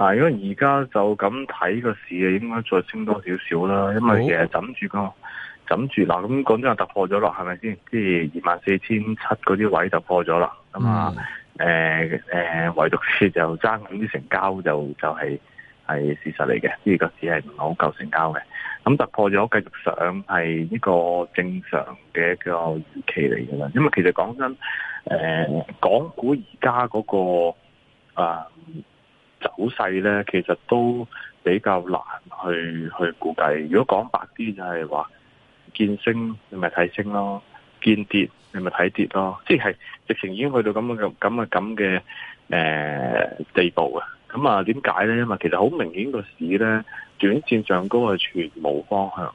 啊！因為而家就咁睇個市啊，應該再升多少少啦。因為其實枕住個枕住嗱，咁講真啊，突破咗啦，係咪先？即係二萬四千七嗰啲位突破咗啦。咁啊、嗯，誒、嗯、唯獨是就爭緊啲成交、就是，就就係係事實嚟嘅。即係個市係唔係好夠成交嘅？咁突破咗繼續上，係呢個正常嘅一個預期嚟嘅啦。因為其實講真，誒、呃，港股而家嗰個、呃走勢咧，其實都比較難去去估計。如果講白啲，就係話，見升你咪睇升咯，見跌你咪睇跌咯。即係直情已經去到咁嘅咁嘅咁嘅誒地步啊。咁啊，點解咧？因為其實好明顯，個市咧，短線上高係全無方向。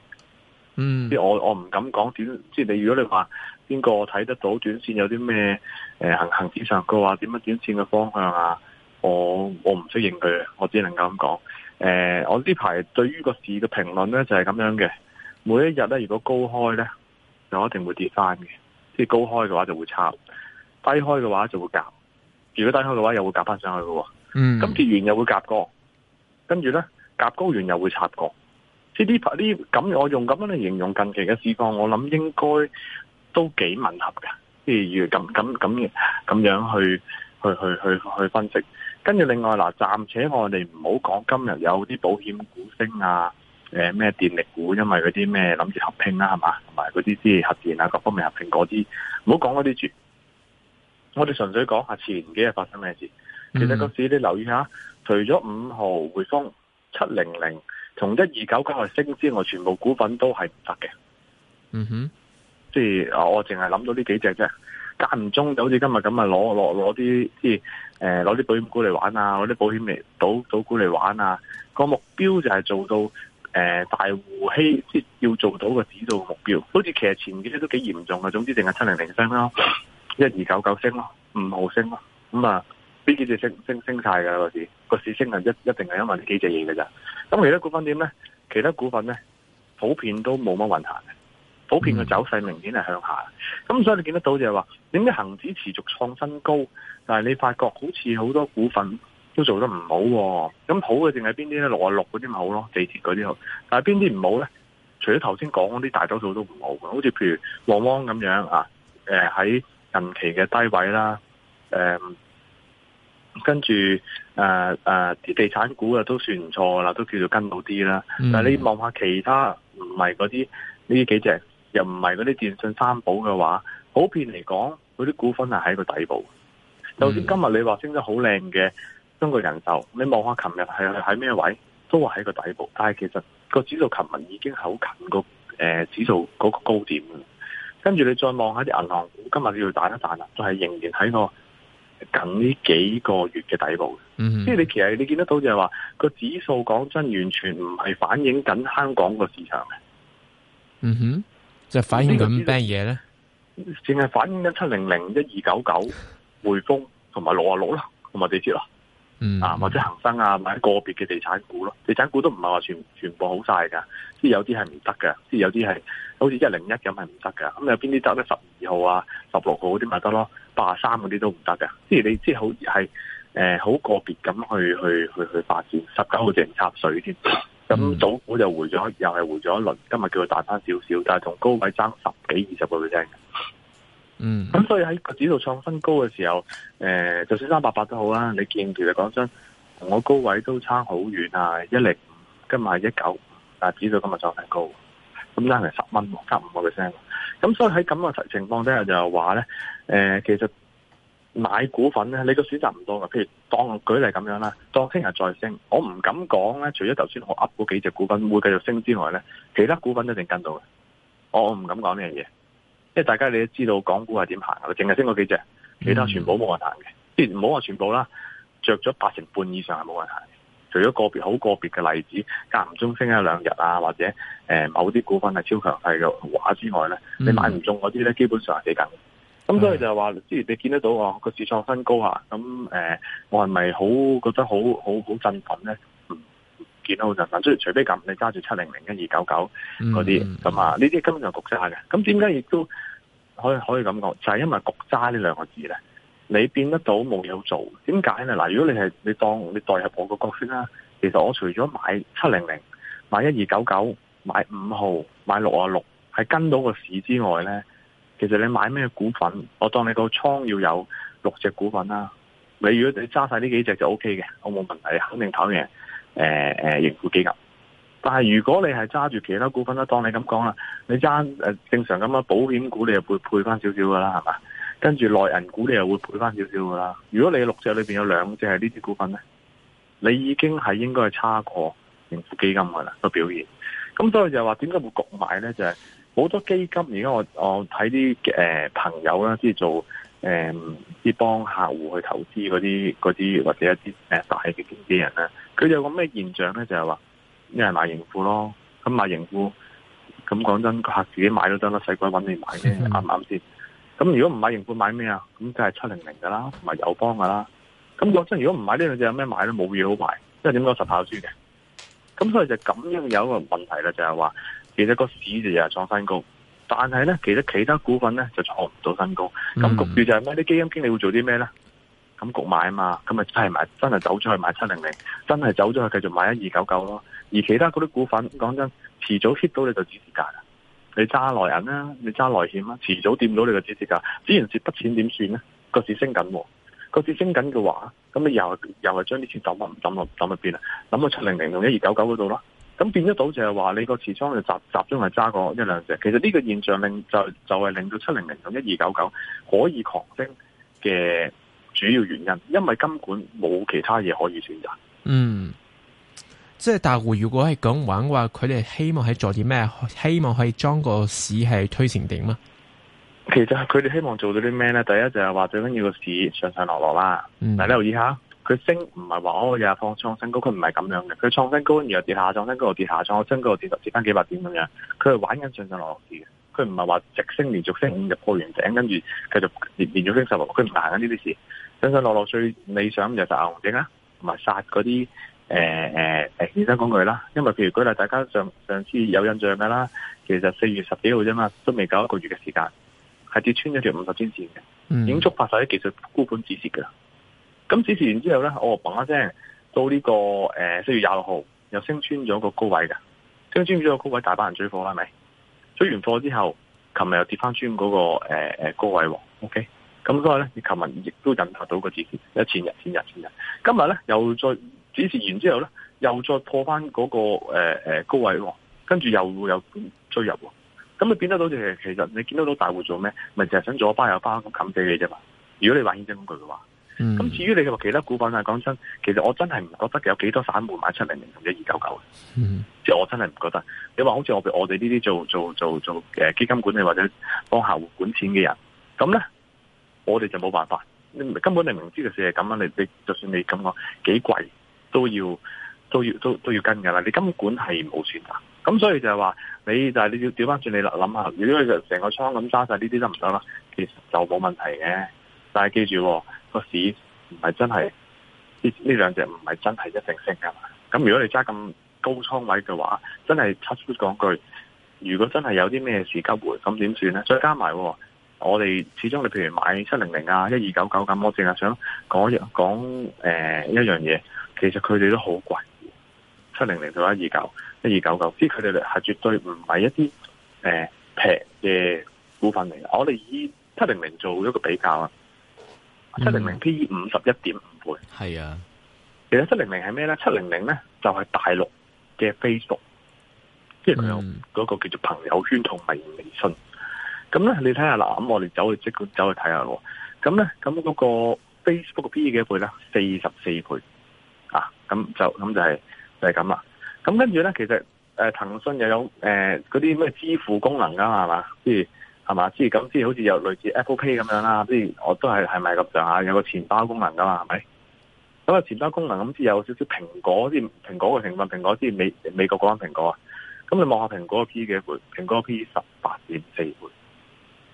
嗯。即係我我唔敢講短，即係你如果你話邊個睇得到短線有啲咩？誒，行行之上高啊？點樣短線嘅方向啊？我我唔識認佢，我只能夠咁講。誒、呃，我呢排對於個市嘅評論咧就係、是、咁樣嘅。每一日咧，如果高開咧，就一定會跌翻嘅。即係高開嘅話就會插，低開嘅話就會夾。如果低開嘅話又會夾翻上去嘅、哦。嗯。咁跌完又會夾過，跟住咧夾高完又會插過。即係呢排呢咁我用咁樣嚟形容近期嘅市況，我諗應該都幾吻合嘅。即係如咁咁咁咁樣去去去去去分析。跟住另外嗱，暫且我哋唔好講今日有啲保險股升啊，誒、呃、咩電力股，因為嗰啲咩諗住合拼啦，啊，係嘛，同埋嗰啲係核電啊各方面合拼嗰啲，唔好講嗰啲住。我哋純粹講下前幾日發生咩事。嗯、哼其實個時你留意下，除咗五號匯豐七零零同一二九九係升之外，全部股份都係唔得嘅。嗯哼，即係我淨係諗到呢幾隻啫。間唔中就好似今日咁啊，攞攞攞啲即係誒，攞啲、呃、保險股嚟玩啊，攞啲保險嚟倒倒股嚟玩啊。個目標就係做到誒、呃、大戶希，即要做到個指數目標。好似其實前幾日都幾嚴重啊，總之定係七零零升咯，一二九九升咯，五號升咯。咁啊，呢幾隻升升升晒㗎喇個市，個市升係一一定係因為呢幾隻嘢嘅咋。咁其他股份點咧？其他股份咧，普遍都冇乜運行嘅，普遍嘅走勢明顯係向下。咁所以你見得到就係話。點解恒指持續創新高？但係你發覺好似好多股份都做得唔好，哦，咁好嘅淨係邊啲咧？六啊六嗰啲咪好咯，地鐵嗰啲好。但係邊啲唔好咧？除咗頭先講嗰啲，大多數都唔好嘅。好似譬如旺旺咁樣啊，誒喺近期嘅低位啦，誒、呃、跟住誒誒地產股啊都算唔錯啦，都叫做跟到啲啦。嗯、但係你望下其他唔係嗰啲呢幾隻，又唔係嗰啲電信三寶嘅話，普遍嚟講。佢啲股份係喺個底部，就算、嗯、今日你話升得好靚嘅中國人壽，你望下琴日係喺咩位，都係喺個底部。但係其實個指數琴日已經係好近、個誒、呃、指數嗰個高點。跟住你再望下啲銀行，今日你要彈一彈啊，都係仍然喺個近呢幾個月嘅底部。嗯、嗯，即係你其實你見得到就係話個指數講真，完全唔係反映緊香港個市場嘅。嗯哼，就反映緊咩嘢咧？淨係反映一七零零一二九九匯豐同埋六啊六啦，同埋地鐵啦，啊或者恒生啊買個別嘅地產股咯，地產股都唔係話全全部好晒噶，即係有啲係唔得嘅，即係有啲係好似一零一咁係唔得嘅，咁有邊啲走得十二號啊十六號嗰啲咪得咯，八啊三嗰啲都唔得嘅，即係你即係好係誒好個別咁去去去去發展，十九號淨插水添。咁早我就回咗，又係回咗一輪。今日叫佢大翻少少，但係同高位爭十幾二十個 percent 嘅。嗯，咁所以喺個指數創新高嘅時候，誒、呃，就算三八八都好啦。你見其實講真，同我高位都差好遠啊！一零五，今日一九，但指數今日創新高，咁差成十蚊，差五個 percent。咁所以喺咁嘅情況底下就，就話咧，誒，其實。買股份咧，你個選擇唔多噶譬如當舉例咁樣啦，當聽日再升，我唔敢講咧。除咗頭先我噏嗰幾隻股份會繼續升之外咧，其他股份一定跟到嘅。我唔敢講咩嘢，因為大家你都知道港股係點行噶淨係升嗰幾隻，其他全部冇人行嘅。即唔好話全部啦，着咗八成半以上係冇人行。除咗個別好個別嘅例子，間唔中升一兩日啊，或者誒、呃、某啲股份係超強勢嘅話之外咧，你買唔中嗰啲咧，基本上係幾緊。咁、嗯嗯、所以就係話，即係你得、啊呃是是得嗯、見得到我個市創新高啊！咁誒，我係咪好覺得好好好振奮咧？唔見到就唔振，除除非咁，你揸住七零零、一二九九嗰啲，咁啊，呢啲根本就局焗渣嘅。咁點解亦都可以可以咁講？就係、是、因為局渣呢兩個字咧，你變得到冇嘢做。點解咧？嗱，如果你係你當你代入我個角色啦，其實我除咗買七零零、買一二九九、買五號、買六啊六，係跟到個市之外咧。其實你買咩股份，我當你個倉要有六隻股份啦。你如果你揸晒呢幾隻就 O K 嘅，我冇問題，肯定跑贏。誒、呃、誒，盈富基金。但係如果你係揸住其他股份啦，當你咁講啦，你揸誒正常咁啊，保險股你又會配翻少少噶啦，係嘛？跟住內銀股你又會配翻少少噶啦。如果你六隻裏邊有兩隻係呢啲股份咧，你已經係應該係差過盈富基金噶啦個表現。咁所以就話點解會焗買咧？就係、是。好多基金而家我我睇啲誒朋友啦，即係做誒啲幫客戶去投資嗰啲嗰啲或者一啲誒大嘅經紀人咧，佢有個咩現象咧？就係話一係買盈富咯，咁買盈富咁講真，個客自己買都得啦，使鬼揾你買咩？啱唔啱先？咁如果唔買盈富買咩啊？咁梗係七零零噶啦，同埋友邦噶啦。咁我真如果唔買呢兩隻有什麼，有咩買咧？冇嘢好買，即係點講實跑輸嘅。咁所以就咁樣有一個問題咧，就係、是、話。記得個市就又係創新高，但係咧，其實其他股份咧就創唔到新高。咁焗住就係咩？啲基金經理會做啲咩咧？咁焗買啊嘛，咁咪派埋，真係走出去買七零零，真係走咗去繼續買一二九九咯。而其他嗰啲股份，講真，遲早 hit 到你就止蝕價啦。你揸內銀啦，你揸內險啦，遲早掂到你就止蝕價。之前蝕筆錢點算咧？個市升緊，啊，個市升緊、啊、嘅話，咁你又又係將啲錢抌落唔抌落抌落邊啊？抌到七零零同一二九九嗰度咯。咁變得到就係話你個持倉就集集中係揸過一兩隻，其實呢個現象令就就係令到七零零同一二九九可以狂升嘅主要原因，因為根本冇其他嘢可以選擇。嗯，即係大戶如果係咁玩話，佢哋希望係做啲咩？希望可以裝個市係推成點啊？其實佢哋希望做到啲咩咧？第一就係話最緊要個市上上下落落啦，嗯，大家留意下。佢升唔係話我日日放創新高，佢唔係咁樣嘅。佢創新高，然後跌下，創新高又跌下，創新高又跌十跌翻幾百點咁樣。佢係玩緊上上落落市嘅，佢唔係話直升連續升五日破完頂，跟住繼續連連續升十落。佢唔行緊呢啲事。上上落落最理想就係殺牛熊證啦，同埋殺嗰啲誒誒誒衍生工具啦。因為譬如舉例，大家上上次有印象嘅啦，其實四月十幾號啫嘛，都未夠一個月嘅時間，係跌穿咗條五十天線嘅，已經觸發晒啲技術沽盤止蝕噶。咁指示完之後咧，我嘭一聲到呢、這個誒，四、呃、月廿六號又升穿咗個高位嘅，升穿咗個高位，大把人追貨啦，係咪？追完貨之後，琴日又跌翻穿嗰、那個誒誒、呃、高位喎。O K，咁所以咧，你琴日亦都引發到個指示，有前日前日前日、前日。今日咧又再指示完之後咧，又再破翻、那、嗰個誒誒、呃、高位喎，跟住又又追入喎。咁你變得到嘅？其實你見得到大戶做咩？咪就係想左巴右巴咁冚死你啫嘛！如果你玩衍生工具嘅話。咁、嗯、至於你話其他股份啊，講真，其實我真係唔覺得有幾多散戶買七零零或者二九九嘅。嗯，即係我真係唔覺得。你話好似我我哋呢啲做做做做誒基金管理或者幫客戶管錢嘅人，咁咧，我哋就冇辦法，你根本你明知嘅事係咁啦，你就算你咁講幾貴都要都要都都要跟噶啦你根本係冇選擇，咁所以就係話你但係你要調翻轉你諗諗下，如果你成成個倉咁揸晒呢啲得唔得啦？其實就冇問題嘅，但係記住、哦。個市唔係真係呢呢兩隻唔係真係一定升噶，咁如果你揸咁高倉位嘅話，真係 cut short 講句，如果真係有啲咩事急回，咁點算咧？再加埋我哋始終，你譬如買七零零啊、一二九九咁，我淨係想講一講誒，一樣嘢，其實佢哋都好貴，七零零對一二九、一二九九，即係佢哋係絕對唔係一啲誒平嘅股份嚟。我哋以七零零做咗個比較啊。七零零 P 五十一點五倍，係啊。其實七零零係咩咧？七零零咧就係、是、大陸嘅 Facebook，即係、嗯、佢有嗰個叫做朋友圈同埋微信。咁咧，你睇下啦。咁我哋走去即管走去睇下咯。咁咧，咁嗰個 Facebook 嘅 P 幾倍咧？四十四倍啊。咁就咁就係、是、就係咁啦。咁跟住咧，其實誒、呃、騰訊又有誒嗰啲咩支付功能噶嘛？嘛，即係。係嘛？即係咁，即係好似有類似 Apple Pay 咁樣啦。即係我都係係咪咁上下有個錢包功能噶嘛？係咪咁啊？錢包功能咁即係有少少蘋果啲蘋果嘅成分，蘋果啲美美國嗰間蘋果啊。咁你望下蘋果嘅 P 幾倍？蘋果 P 十八點四倍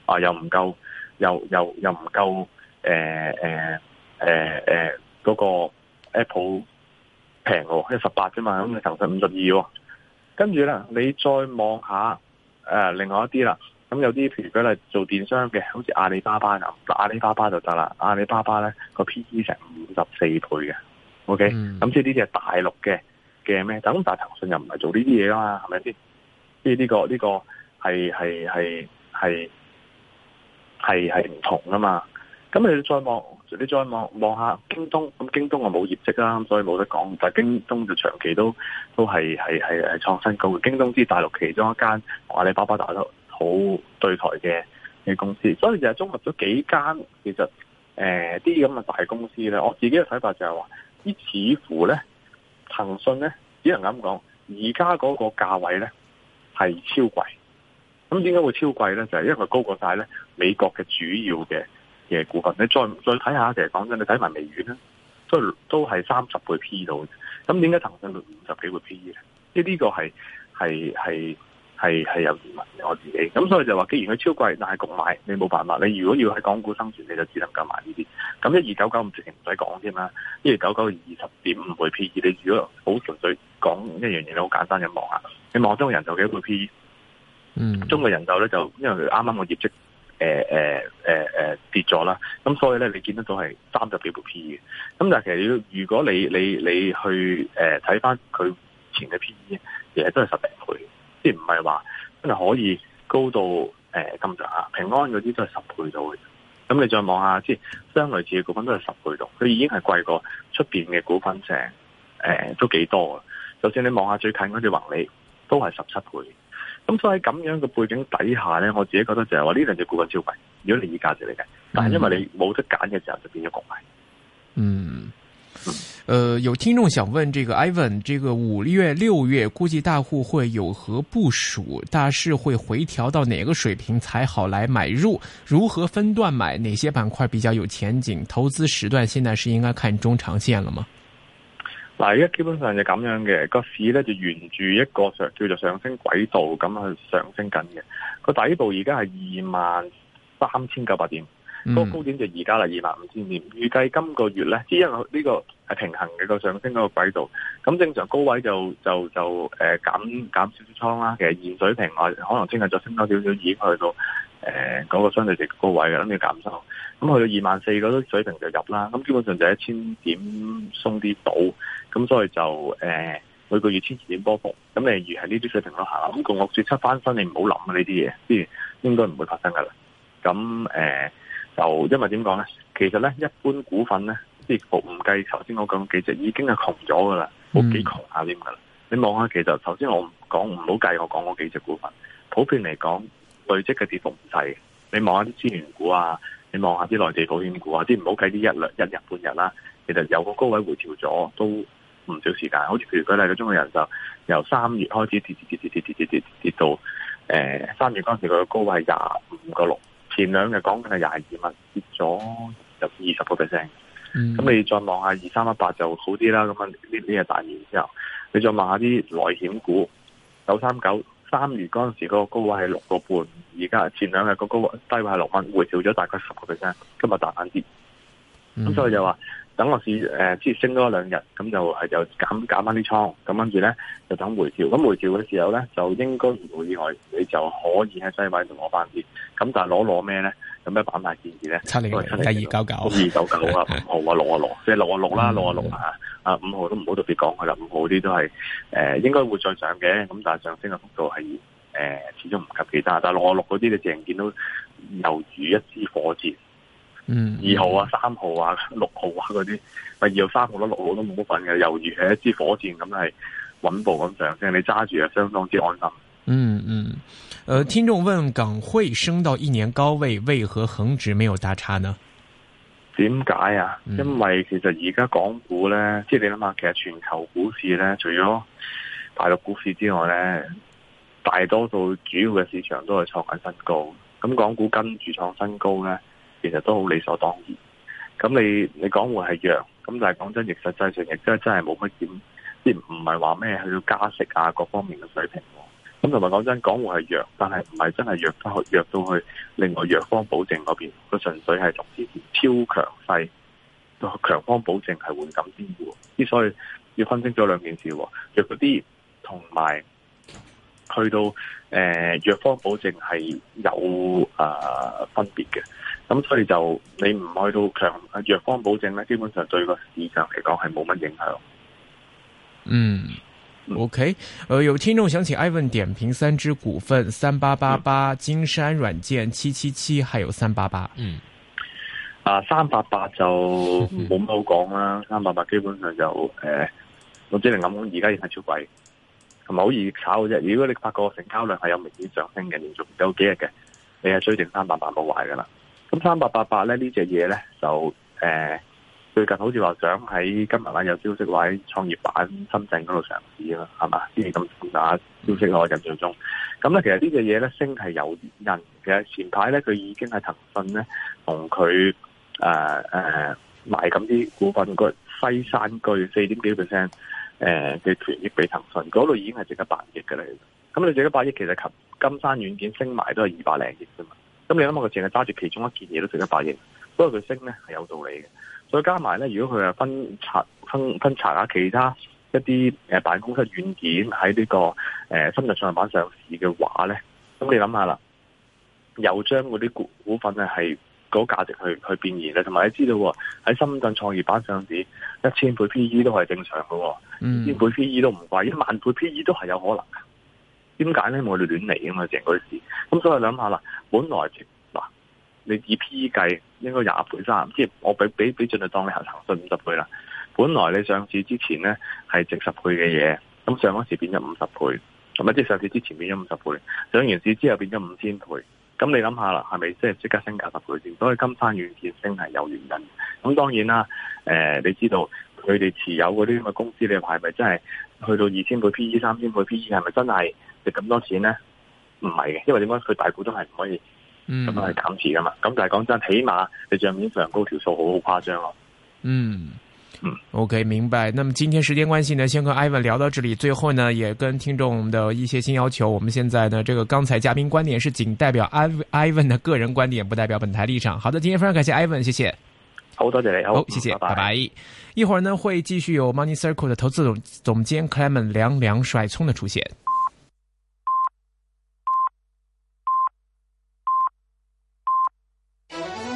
啊，又唔夠，又又又唔夠誒誒誒嗰個 Apple 平喎，一十八啫嘛，咁你求實五十二。跟住咧，你再望下誒，另外一啲啦。咁有啲譬如佢係做電商嘅，好似阿里巴巴咁，阿里巴巴就得啦。阿里巴巴咧個 P E 成五十四倍嘅，OK、嗯。咁即係呢啲係大陸嘅嘅咩？咁但係騰訊又唔係做呢啲嘢啦，係咪先？即係呢個呢個係係係係係係唔同啊嘛。咁你再望你再望望下京東，咁京東我冇業績啦，所以冇得講。但係京東就長期都都係係係創新高。京東知大陸其中一間阿里巴巴大陸。冇對台嘅嘅公司，所以就係綜合咗幾間，其實誒啲咁嘅大公司咧，我自己嘅睇法就係話，呢似乎咧，騰訊咧，只能咁講，而家嗰個價位咧係超貴。咁點解會超貴咧？就係因為高過晒咧美國嘅主要嘅嘅股份。你再再睇下，其實講真，你睇埋微軟咧，都都係三十倍 P 到。咁點解騰訊到五十幾倍 P 咧？即呢個係係係。係係有疑問嘅我自己咁，所以就話，既然佢超貴，但係共買，你冇辦法。你如果要喺港股生存，你就只能夠買呢啲。咁一二九九唔直情唔使講添啦，一二九九二十點五倍 P E。你如果好純粹講一樣嘢，你好簡單嘅望下，你望中國人壽幾倍 P E？嗯，中國人壽咧就因為佢啱啱個業績誒誒誒誒跌咗啦，咁所以咧你見得到係三十幾倍，倍 P E 嘅。咁但係其實如果你你你，你去誒睇翻佢前嘅 P E，其實都係十零倍。即唔係話真係可以高到誒咁上下，平安嗰啲都係十倍到嘅。咁你再望下，即係相類似嘅股份都係十倍到，佢已經係貴過出邊嘅股份成，誒、呃、都幾多嘅。就算你望下最近嗰隻宏利都係十七倍。咁所以喺咁樣嘅背景底下咧，我自己覺得就係話呢兩隻股份超貴。如果你以價值嚟計，但係因為你冇得揀嘅時候，就變咗焗埋。嗯。呃有聽眾想問，這個 Ivan，這個五月、六月估計大戶會有何部署？大市會回調到哪個水平才好來買入？如何分段買？哪些板塊比較有前景？投資時段現在是應該看中長線了嗎？嗱，而家基本上就咁樣嘅，個市咧就沿住一個上叫做上升軌道咁去上升緊嘅，個底部而家係二萬三千九百點。嗰、嗯、個高點就而家啦，二萬五千點。預計今個月咧，只因呢個係平衡嘅個上升嗰個軌道。咁正常高位就就就誒減減少啲倉啦。其實現水平，我可能聽日再升多少少，已經去到誒嗰、呃那個相對值高位嘅，諗住減收。咁去到二萬四嗰啲水平就入啦。咁基本上就是一千點鬆啲到。咁所以就誒、呃、每個月千二點波幅。咁例如係呢啲水平咯嚇。咁共六説七翻身，你唔好諗啊呢啲嘢，即係應該唔會發生噶啦。咁誒。呃就因為點講咧？其實咧，一般股份咧，跌幅唔計，頭先我講幾隻已經係窮咗噶啦，好幾窮下啲噶啦。嗯、你望下，其實頭先我唔講唔好計，我講嗰幾隻股份，普遍嚟講，累積嘅跌幅唔細。你望下啲資源股啊，你望下啲內地保險股啊，啲唔好計啲一兩一日半日啦。其實有個高位回調咗，都唔少時間。好似譬如舉例嘅中國人壽由三月開始跌跌跌跌跌跌跌跌到，誒、呃，三月嗰時佢個高位廿五個六。前兩日講緊係廿二蚊，跌咗有二十個 percent。咁你、嗯、再望下二三一八就好啲啦。咁啊，呢呢日大二之後，你再望下啲內險股，九三九三月嗰陣時個高位係六個半，而家前兩日個高位低位係六蚊，回調咗大概十個 percent。今日大眼跌，咁、嗯、所以就話。等落市，誒即係升多一兩日，咁就係就減減翻啲倉，咁跟住咧就等回調。咁回調嘅時候咧，就應該唔會意外，你就可以喺低位度攞翻啲。咁但係攞攞咩咧？有咩板塊建議咧？七零、七零、二九九、二九九啊，五號啊，六啊六，即係六啊六啦，六啊六嚇啊！五號都唔好特別講佢啦，五號啲都係誒應該會再上嘅，咁但係上升嘅幅度係誒、呃、始終唔及其他。但係六啊六嗰啲你淨見到猶如一支火箭。二號啊，三號、嗯、啊，六號啊，嗰啲，唔係二號、三號咯，六號都冇乜份嘅。猶如係一支火箭咁，係穩步咁上升。你揸住就相當之安心。嗯嗯，誒、嗯呃，聽眾問：港匯升到一年高位，為何恒指沒有大差呢？點解啊？因為其實而家港股咧，即係你諗下，其實全球股市咧，除咗大陸股市之外咧，大多數主要嘅市場都係創緊新高。咁港股跟住創新高咧。其實都好理所當然。咁你你港匯係弱，咁但係講真的，亦實際上亦真係真係冇乜點，即唔係話咩去到加息啊，各方面嘅水平。咁同埋講真，港匯係弱，但係唔係真係弱到去弱到去另外弱方保證嗰邊，個純粹係從之前超強勢到強方保證係緩緊啲嘅。之所以要分清咗兩件事，弱嗰啲同埋去到誒、呃、弱方保證係有、呃、分別嘅。咁所以就你唔去到強弱方保證咧，基本上對個市場嚟講係冇乜影響。嗯，嗯，OK，誒、呃，有聽眾想請 Ivan 點評三支股份：三八八八、金山軟件七七七，7 7，還有三八八。嗯，啊，三八八就冇乜好講啦。 三八八基本上就誒、呃，我只能咁講，而家已經係超貴，同埋好易炒嘅啫。如果你發覺成交量係有明顯上升嘅，連續有幾日嘅，你係追定三八八冇壞噶啦。咁三八八八咧呢隻嘢咧就誒、呃、最近好似話想喺今日咧有消息話喺創業板深圳嗰度上市啊，係嘛？先咁打消息來，印象中。咁、嗯、咧其實呢隻嘢咧升係有原因嘅。其實前排咧佢已經喺騰訊咧同佢誒誒賣咁啲股份，個西山居四點幾 percent 誒嘅權益俾騰訊，嗰度已經係值得百億嘅啦。咁你值一百億，其實及金山軟件升埋都係二百零億啫嘛。咁你諗下，佢淨係揸住其中一件嘢都成一百億，所以佢升咧係有道理嘅。再加埋咧，如果佢係分拆分分拆下其他一啲誒辦公室軟件喺呢、這個誒、呃、深圳創業板上市嘅話咧，咁你諗下啦，又將嗰啲股股份咧係嗰個價值去去變現咧，同埋你知道喺深圳創業板上市一千倍 P E 都係正常嘅，一千倍 P E 都唔貴，一萬倍 P E 都係有可能嘅。點解咧？我哋亂嚟啊嘛，成嗰啲事。咁所以諗下啦，本來嗱、啊，你以 PE 計應該廿倍三，即係我俾俾俾盡量當你行行信五十倍啦。本來你上市之前咧係值十倍嘅嘢，咁上嗰時變咗五十倍，同埋即係上市之前變咗五十倍，上完市之後變咗五千倍。咁你諗下啦，係咪即係即刻升價十倍先？所以金山軟件升係有原因。咁當然啦，誒、呃，你知道佢哋持有嗰啲咁嘅公司，你話係咪真係去到二千倍 P E、三千倍 P E，係咪真係？值咁多錢呢？唔係嘅，因為點解佢大股東係唔可以咁、嗯、樣去減持噶嘛？咁但係講真，起碼你賬面上高條數好誇張咯、啊。嗯嗯，OK，明白。那麼今天時間關係呢，先跟 Ivan 聊到這裏。最後呢，也跟聽眾的一些新要求，我們現在呢，這個剛才嘉賓觀點是僅代表 Ivan 的個人觀點，不代表本台立場。好的，今天非常感謝 Ivan，謝謝。好多謝你，好，謝謝，拜拜，拜拜。一會兒呢，會繼續有 Money Circle 的投資總總監 Clement 梁梁甩葱的出現。